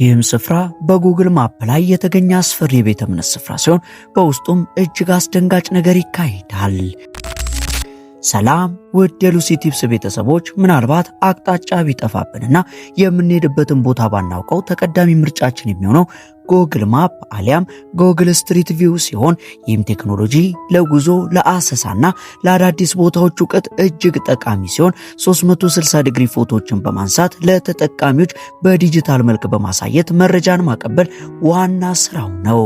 ይህም ስፍራ በጉግል ማፕ ላይ የተገኘ አስፈሪ የቤተ እምነት ስፍራ ሲሆን በውስጡም እጅግ አስደንጋጭ ነገር ይካሄዳል። ሰላም ውድ የሉሲ ቲፕስ ቤተሰቦች፣ ምናልባት አቅጣጫ ቢጠፋብንና የምንሄድበትን ቦታ ባናውቀው ተቀዳሚ ምርጫችን የሚሆነው ጎግል ማፕ አሊያም ጎግል ስትሪት ቪው ሲሆን ይህም ቴክኖሎጂ ለጉዞ ለአሰሳና ለአዳዲስ ቦታዎች እውቀት እጅግ ጠቃሚ ሲሆን 360 ዲግሪ ፎቶዎችን በማንሳት ለተጠቃሚዎች በዲጂታል መልክ በማሳየት መረጃን ማቀበል ዋና ስራው ነው።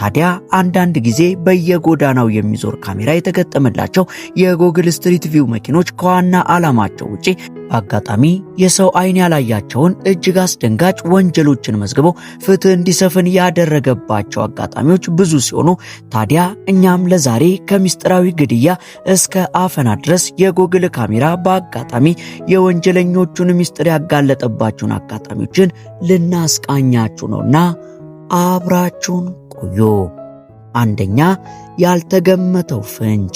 ታዲያ አንዳንድ ጊዜ በየጎዳናው የሚዞር ካሜራ የተገጠመላቸው የጎግል ስትሪት ቪው መኪኖች ከዋና ዓላማቸው ውጪ በአጋጣሚ የሰው አይን ያላያቸውን እጅግ አስደንጋጭ ወንጀሎችን መዝግበው ፍትህ እንዲሰፍን ያደረገባቸው አጋጣሚዎች ብዙ ሲሆኑ ታዲያ እኛም ለዛሬ ከምስጢራዊ ግድያ እስከ አፈና ድረስ የጎግል ካሜራ በአጋጣሚ የወንጀለኞቹን ሚስጥር ያጋለጠባቸውን አጋጣሚዎችን ልናስቃኛችሁ ነውና አብራችሁን ቆዩ። አንደኛ ያልተገመተው ፍንጭ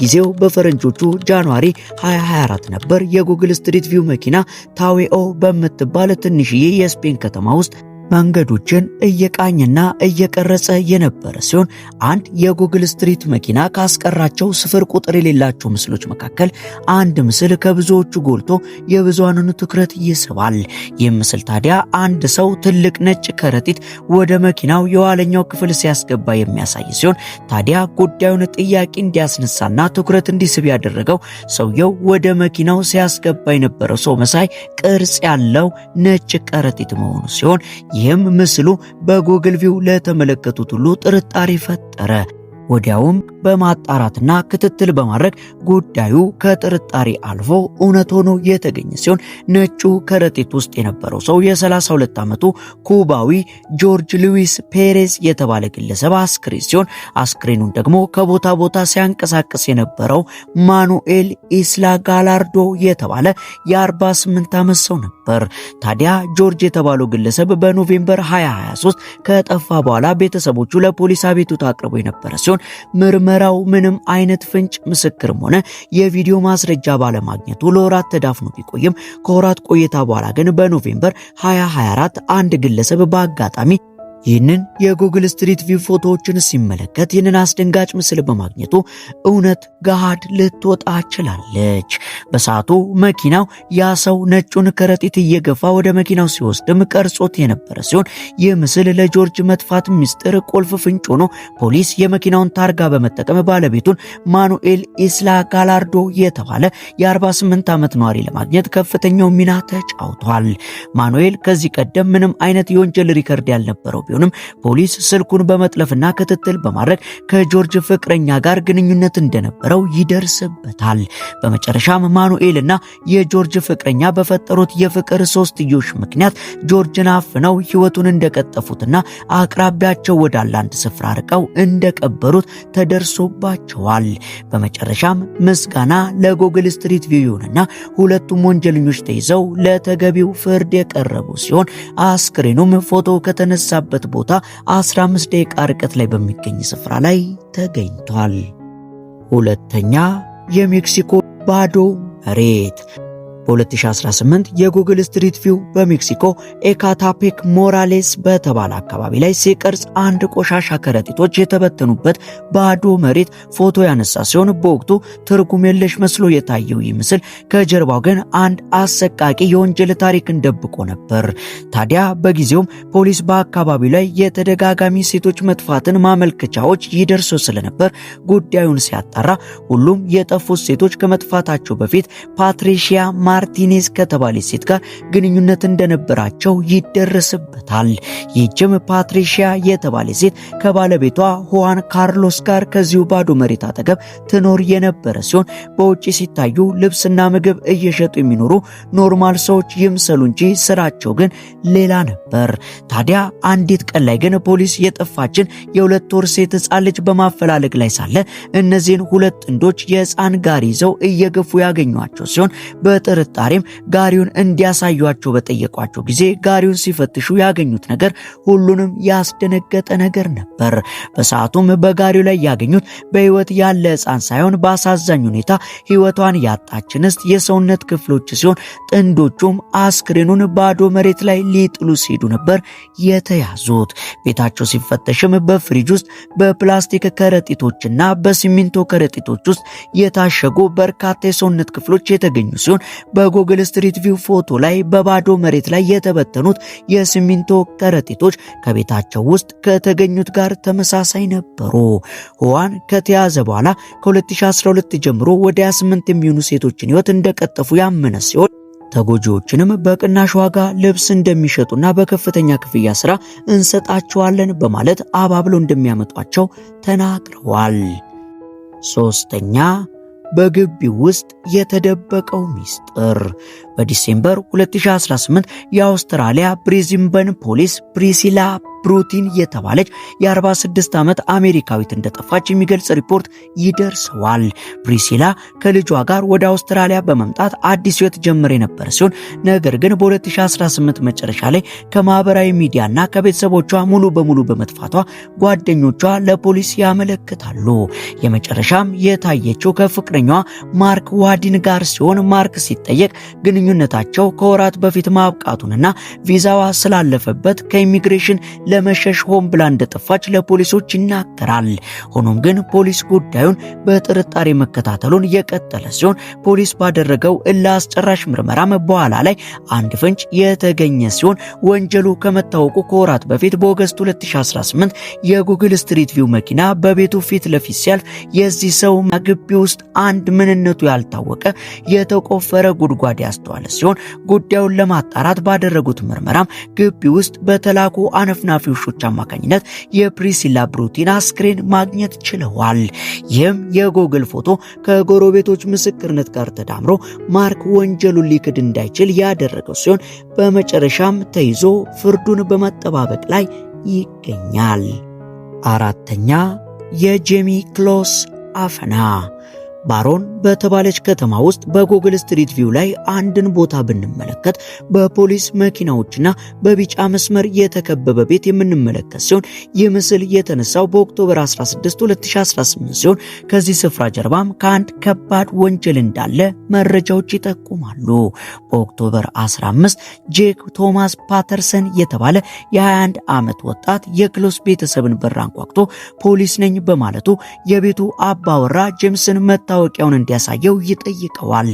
ጊዜው በፈረንጆቹ ጃንዋሪ 2024 ነበር። የጉግል ስትሪት ቪው መኪና ታዌኦ በምትባል ትንሽዬ የስፔን ከተማ ውስጥ መንገዶችን እየቃኝና እየቀረጸ የነበረ ሲሆን አንድ የጉግል ስትሪት መኪና ካስቀራቸው ስፍር ቁጥር የሌላቸው ምስሎች መካከል አንድ ምስል ከብዙዎቹ ጎልቶ የብዙሃኑን ትኩረት ይስባል። ይህ ምስል ታዲያ አንድ ሰው ትልቅ ነጭ ከረጢት ወደ መኪናው የኋለኛው ክፍል ሲያስገባ የሚያሳይ ሲሆን ታዲያ ጉዳዩን ጥያቄ እንዲያስነሳና ትኩረት እንዲስብ ያደረገው ሰውየው ወደ መኪናው ሲያስገባ የነበረው ሰው መሳይ ቅርጽ ያለው ነጭ ከረጢት መሆኑ ሲሆን ይህም ምስሉ በጎግል ቪው ለተመለከቱት ሁሉ ጥርጣሬ ፈጠረ። ወዲያውም በማጣራትና ክትትል በማድረግ ጉዳዩ ከጥርጣሬ አልፎ እውነት ሆኖ የተገኘ ሲሆን ነጩ ከረጢት ውስጥ የነበረው ሰው የ32 ዓመቱ ኩባዊ ጆርጅ ሉዊስ ፔሬዝ የተባለ ግለሰብ አስክሬን ሲሆን አስክሬኑን ደግሞ ከቦታ ቦታ ሲያንቀሳቅስ የነበረው ማኑኤል ኢስላ ጋላርዶ የተባለ የ48 ዓመት ሰው ነበር። ታዲያ ጆርጅ የተባለው ግለሰብ በኖቬምበር 2023 ከጠፋ በኋላ ቤተሰቦቹ ለፖሊስ አቤቱታ አቅርቦ የነበረ ሲሆን ሲሆን ምርመራው ምንም አይነት ፍንጭ ምስክርም ሆነ የቪዲዮ ማስረጃ ባለማግኘቱ ለወራት ተዳፍኖ ቢቆይም ከወራት ቆይታ በኋላ ግን በኖቬምበር 2024 አንድ ግለሰብ በአጋጣሚ ይህንን የጉግል ስትሪት ቪው ፎቶዎችን ሲመለከት ይህንን አስደንጋጭ ምስል በማግኘቱ እውነት ገሃድ ልትወጣ ችላለች። በሰዓቱ መኪናው ያ ሰው ነጩን ከረጢት እየገፋ ወደ መኪናው ሲወስድም ቀርጾት የነበረ ሲሆን ይህ ምስል ለጆርጅ መጥፋት ምስጢር ቁልፍ ፍንጭ ሆኖ ፖሊስ የመኪናውን ታርጋ በመጠቀም ባለቤቱን ማኑኤል ኢስላ ጋላርዶ የተባለ የ48 ዓመት ነዋሪ ለማግኘት ከፍተኛው ሚና ተጫውቷል። ማኑኤል ከዚህ ቀደም ምንም አይነት የወንጀል ሪከርድ ያልነበረው ቢሆንም ፖሊስ ስልኩን በመጥለፍና ክትትል በማድረግ ከጆርጅ ፍቅረኛ ጋር ግንኙነት እንደነበረው ይደርስበታል። በመጨረሻም ማኑኤልና የጆርጅ ፍቅረኛ በፈጠሩት የፍቅር ሶስትዮሽ ምክንያት ጆርጅን አፍነው ሕይወቱን እንደቀጠፉትና አቅራቢያቸው ወዳለ አንድ ስፍራ ርቀው እንደቀበሩት ተደርሶባቸዋል። በመጨረሻም ምስጋና ለጎግል ስትሪት ቪዩንና ሁለቱም ወንጀለኞች ተይዘው ለተገቢው ፍርድ የቀረቡ ሲሆን አስክሬኑም ፎቶ ከተነሳበት ካለበት ቦታ 15 ደቂቃ ርቀት ላይ በሚገኝ ስፍራ ላይ ተገኝቷል። ሁለተኛ የሜክሲኮ ባዶ መሬት በ2018 የጉግል ስትሪት ቪው በሜክሲኮ ኤካታፔክ ሞራሌስ በተባለ አካባቢ ላይ ሲቀርጽ አንድ ቆሻሻ ከረጢቶች የተበተኑበት ባዶ መሬት ፎቶ ያነሳ ሲሆን በወቅቱ ትርጉም የለሽ መስሎ የታየው ይህ ምስል ከጀርባው ግን አንድ አሰቃቂ የወንጀል ታሪክን ደብቆ ነበር። ታዲያ በጊዜውም ፖሊስ በአካባቢው ላይ የተደጋጋሚ ሴቶች መጥፋትን ማመልከቻዎች ይደርሶ ስለነበር ጉዳዩን ሲያጣራ ሁሉም የጠፉት ሴቶች ከመጥፋታቸው በፊት ፓትሪሺያ ማርቲኔዝ ከተባለች ሴት ጋር ግንኙነት እንደነበራቸው ይደረስበታል። ይህችም ፓትሪሺያ የተባለች ሴት ከባለቤቷ ሁዋን ካርሎስ ጋር ከዚሁ ባዶ መሬት አጠገብ ትኖር የነበረ ሲሆን በውጭ ሲታዩ ልብስና ምግብ እየሸጡ የሚኖሩ ኖርማል ሰዎች ይምሰሉ እንጂ ስራቸው ግን ሌላ ነበር። ታዲያ አንዲት ቀን ላይ ግን ፖሊስ የጠፋችን የሁለት ወር ሴት ሕፃን ልጅ በማፈላለግ ላይ ሳለ እነዚህን ሁለት ጥንዶች የሕፃን ጋሪ ይዘው እየገፉ ያገኟቸው ሲሆን በጥር ጥርጣሬም ጋሪውን እንዲያሳዩቸው በጠየቋቸው ጊዜ ጋሪውን ሲፈትሹ ያገኙት ነገር ሁሉንም ያስደነገጠ ነገር ነበር። በሰዓቱም በጋሪው ላይ ያገኙት በህይወት ያለ ህፃን ሳይሆን በአሳዛኝ ሁኔታ ህይወቷን ያጣች እንስት የሰውነት ክፍሎች ሲሆን ጥንዶቹም አስክሬኑን ባዶ መሬት ላይ ሊጥሉ ሲሄዱ ነበር የተያዙት። ቤታቸው ሲፈተሽም በፍሪጅ ውስጥ በፕላስቲክ ከረጢቶችና በሲሚንቶ ከረጢቶች ውስጥ የታሸጉ በርካታ የሰውነት ክፍሎች የተገኙ ሲሆን በጉግል ስትሪት ቪው ፎቶ ላይ በባዶ መሬት ላይ የተበተኑት የሲሚንቶ ከረጢቶች ከቤታቸው ውስጥ ከተገኙት ጋር ተመሳሳይ ነበሩ። ሁዋን ከተያዘ በኋላ ከ2012 ጀምሮ ወደ 28 የሚሆኑ ሴቶችን ህይወት እንደቀጠፉ ያመነ ሲሆን ተጎጂዎችንም በቅናሽ ዋጋ ልብስ እንደሚሸጡና በከፍተኛ ክፍያ ስራ እንሰጣቸዋለን በማለት አባብለው እንደሚያመጧቸው ተናግረዋል። ሶስተኛ በግቢው ውስጥ የተደበቀው ሚስጥር በዲሴምበር 2018 የአውስትራሊያ ብሪዝምበን ፖሊስ ፕሪሲላ ብሩቲን የተባለች የ46 ዓመት አሜሪካዊት እንደጠፋች የሚገልጽ ሪፖርት ይደርሰዋል። ፕሪሲላ ከልጇ ጋር ወደ አውስትራሊያ በመምጣት አዲስ ሕይወት ጀምር የነበረ ሲሆን ነገር ግን በ2018 መጨረሻ ላይ ከማህበራዊ ሚዲያና ከቤተሰቦቿ ሙሉ በሙሉ በመጥፋቷ ጓደኞቿ ለፖሊስ ያመለክታሉ። የመጨረሻም የታየችው ከፍቅረኛዋ ማርክ ዋዲን ጋር ሲሆን ማርክ ሲጠየቅ ግንኙነታቸው ከወራት በፊት ማብቃቱንና ቪዛዋ ስላለፈበት ከኢሚግሬሽን ለመሸሽ ሆን ብላ እንደጠፋች ለፖሊሶች ይናገራል። ሆኖም ግን ፖሊስ ጉዳዩን በጥርጣሬ መከታተሉን የቀጠለ ሲሆን ፖሊስ ባደረገው ለአስጨራሽ ምርመራም በኋላ ላይ አንድ ፍንጭ የተገኘ ሲሆን ወንጀሉ ከመታወቁ ከወራት በፊት በኦገስት 2018 የጉግል ስትሪት ቪው መኪና በቤቱ ፊት ለፊት ሲያልፍ የዚህ ሰው ግቢ ውስጥ አንድ ምንነቱ ያልታወቀ የተቆፈረ ጉድጓድ ያስተዋለ ሲሆን ጉዳዩን ለማጣራት ባደረጉት ምርመራም ግቢ ውስጥ በተላኩ አነፍናፊ በተረፊ ውሾች አማካኝነት የፕሪሲላ ብሩቲን አስክሬን ማግኘት ችለዋል። ይህም የጎግል ፎቶ ከጎረቤቶች ምስክርነት ጋር ተዳምሮ ማርክ ወንጀሉን ሊክድ እንዳይችል ያደረገው ሲሆን በመጨረሻም ተይዞ ፍርዱን በመጠባበቅ ላይ ይገኛል። አራተኛ የጄሚ ክሎስ አፈና ባሮን በተባለች ከተማ ውስጥ በጉግል ስትሪት ቪው ላይ አንድን ቦታ ብንመለከት በፖሊስ መኪናዎችና በቢጫ መስመር የተከበበ ቤት የምንመለከት ሲሆን ይህ ምስል የተነሳው በኦክቶበር 16 2018 ሲሆን ከዚህ ስፍራ ጀርባም ከአንድ ከባድ ወንጀል እንዳለ መረጃዎች ይጠቁማሉ። በኦክቶበር 15 ጄክ ቶማስ ፓተርሰን የተባለ የ21 ዓመት ወጣት የክሎስ ቤተሰብን በር አንኳኩቶ ፖሊስ ነኝ በማለቱ የቤቱ አባወራ ጄምስን መታ መታወቂያውን እንዲያሳየው ይጠይቀዋል።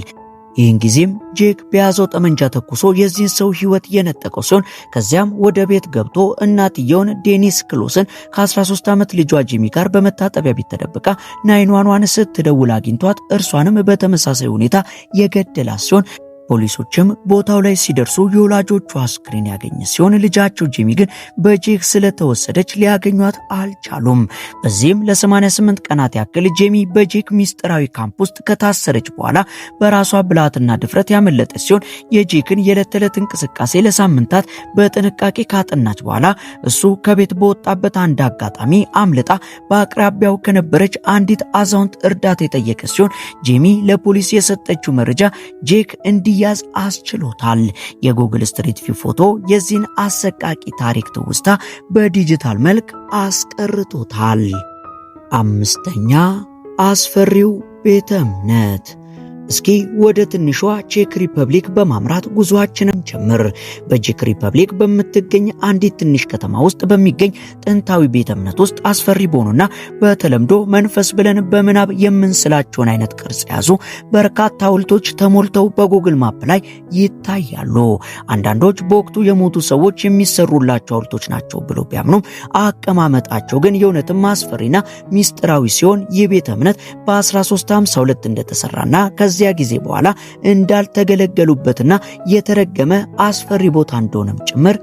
ይህን ጊዜም ጄክ በያዘው ጠመንጃ ተኩሶ የዚህን ሰው ሕይወት የነጠቀው ሲሆን ከዚያም ወደ ቤት ገብቶ እናትየውን ዴኒስ ክሎስን ከ13 ዓመት ልጇ ጂሚ ጋር በመታጠቢያ ቤት ተደብቃ ናይኗኗን ስትደውል አግኝቷት እርሷንም በተመሳሳይ ሁኔታ የገደላት ሲሆን ፖሊሶችም ቦታው ላይ ሲደርሱ የወላጆቹ አስክሬን ያገኘ ሲሆን ልጃቸው ጂሚ ግን በጄክ ስለተወሰደች ሊያገኟት አልቻሉም። በዚህም ለ88 ቀናት ያክል ጄሚ በጄክ ሚስጥራዊ ካምፕ ውስጥ ከታሰረች በኋላ በራሷ ብልሃትና ድፍረት ያመለጠች ሲሆን የጄክን የዕለት ተዕለት እንቅስቃሴ ለሳምንታት በጥንቃቄ ካጠናች በኋላ እሱ ከቤት በወጣበት አንድ አጋጣሚ አምልጣ በአቅራቢያው ከነበረች አንዲት አዛውንት እርዳታ የጠየቀች ሲሆን ጄሚ ለፖሊስ የሰጠችው መረጃ ጄክ እንዲህ እንዲያዝ አስችሎታል። የጉግል ስትሪት ቪው ፎቶ የዚህን አሰቃቂ ታሪክ ትውስታ በዲጂታል መልክ አስቀርቶታል። አምስተኛ አስፈሪው ቤተ እምነት እስኪ ወደ ትንሿ ቼክ ሪፐብሊክ በማምራት ጉዞአችንን ጀምር። በቼክ ሪፐብሊክ በምትገኝ አንዲት ትንሽ ከተማ ውስጥ በሚገኝ ጥንታዊ ቤተ እምነት ውስጥ አስፈሪ በሆኑና በተለምዶ መንፈስ ብለን በምናብ የምንስላቸውን አይነት ቅርጽ የያዙ በርካታ ሐውልቶች ተሞልተው በጉግል ማፕ ላይ ይታያሉ። አንዳንዶች በወቅቱ የሞቱ ሰዎች የሚሰሩላቸው ሐውልቶች ናቸው ብሎ ቢያምኑም አቀማመጣቸው ግን የእውነትም አስፈሪና ሚስጥራዊ ሲሆን ይህ ቤተ እምነት በ1352 እንደተሰራና ከዚ ከዚያ ጊዜ በኋላ እንዳልተገለገሉበትና የተረገመ አስፈሪ ቦታ እንደሆነም ጭምር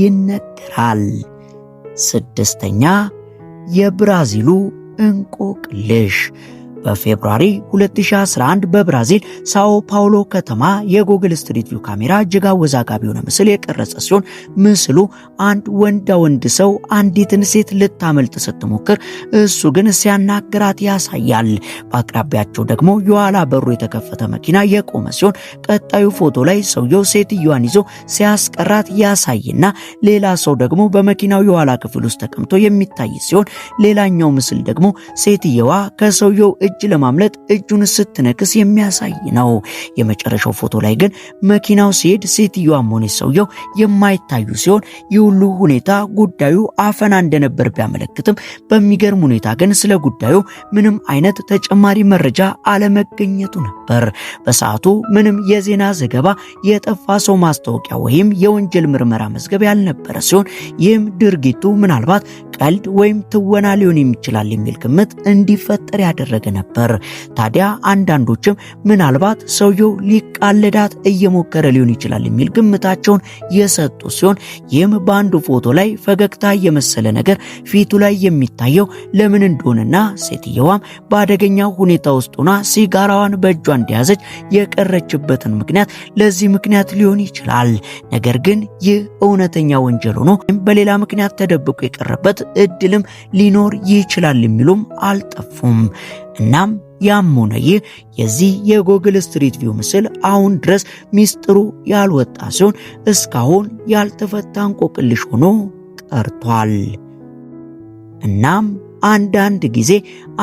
ይነገራል። ስድስተኛ የብራዚሉ እንቆቅልሽ በፌብሩዋሪ 2011 በብራዚል ሳኦ ፓውሎ ከተማ የጉግል ስትሪት ቪው ካሜራ እጅግ አወዛጋቢ የሆነ ምስል የቀረጸ ሲሆን ምስሉ አንድ ወንዳ ወንድ ሰው አንዲትን ሴት ልታመልጥ ስትሞክር እሱ ግን ሲያናግራት ያሳያል። በአቅራቢያቸው ደግሞ የኋላ በሩ የተከፈተ መኪና የቆመ ሲሆን ቀጣዩ ፎቶ ላይ ሰውየው ሴትዮዋን ይዞ ሲያስቀራት ያሳይና ሌላ ሰው ደግሞ በመኪናው የኋላ ክፍል ውስጥ ተቀምጦ የሚታይ ሲሆን ሌላኛው ምስል ደግሞ ሴትየዋ ከሰውየው እጅ ለማምለጥ እጁን ስትነክስ የሚያሳይ ነው። የመጨረሻው ፎቶ ላይ ግን መኪናው ሲሄድ ሴትዮዋም ሆነች ሰውየው የማይታዩ ሲሆን የሁሉ ሁኔታ ጉዳዩ አፈና እንደነበር ቢያመለክትም በሚገርም ሁኔታ ግን ስለ ጉዳዩ ምንም አይነት ተጨማሪ መረጃ አለመገኘቱ ነበር። በሰዓቱ ምንም የዜና ዘገባ፣ የጠፋ ሰው ማስታወቂያ ወይም የወንጀል ምርመራ መዝገብ ያልነበረ ሲሆን ይህም ድርጊቱ ምናልባት ቀልድ ወይም ትወና ሊሆን ይችላል የሚል ግምት እንዲፈጠር ያደረገ ነበር። ነበር። ታዲያ አንዳንዶችም ምናልባት ሰውየው ሊቃለዳት እየሞከረ ሊሆን ይችላል የሚል ግምታቸውን የሰጡ ሲሆን ይህም በአንዱ ፎቶ ላይ ፈገግታ የመሰለ ነገር ፊቱ ላይ የሚታየው ለምን እንደሆነና ሴትየዋም በአደገኛ ሁኔታ ውስጥ ሆና ሲጋራዋን በእጇ እንደያዘች የቀረችበትን ምክንያት ለዚህ ምክንያት ሊሆን ይችላል። ነገር ግን ይህ እውነተኛ ወንጀል ሆኖ በሌላ ምክንያት ተደብቆ የቀረበት እድልም ሊኖር ይችላል የሚሉም አልጠፉም። እናም ያም ሆነ ይህ የዚህ የጎግል ስትሪት ቪው ምስል አሁን ድረስ ሚስጥሩ ያልወጣ ሲሆን እስካሁን ያልተፈታ እንቆቅልሽ ሆኖ ቀርቷል። እናም አንዳንድ ጊዜ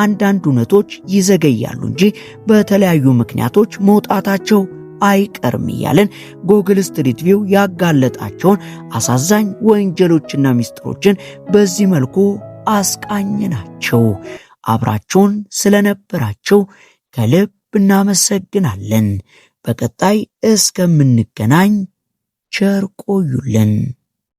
አንዳንድ እውነቶች ይዘገያሉ እንጂ በተለያዩ ምክንያቶች መውጣታቸው አይቀርም እያለን ጎግል ስትሪት ቪው ያጋለጣቸውን አሳዛኝ ወንጀሎችና ሚስጥሮችን በዚህ መልኩ አስቃኝ ናቸው። አብራችሁን ስለነበራችሁ ከልብ እናመሰግናለን። በቀጣይ እስከምንገናኝ ቸር ቆዩልን።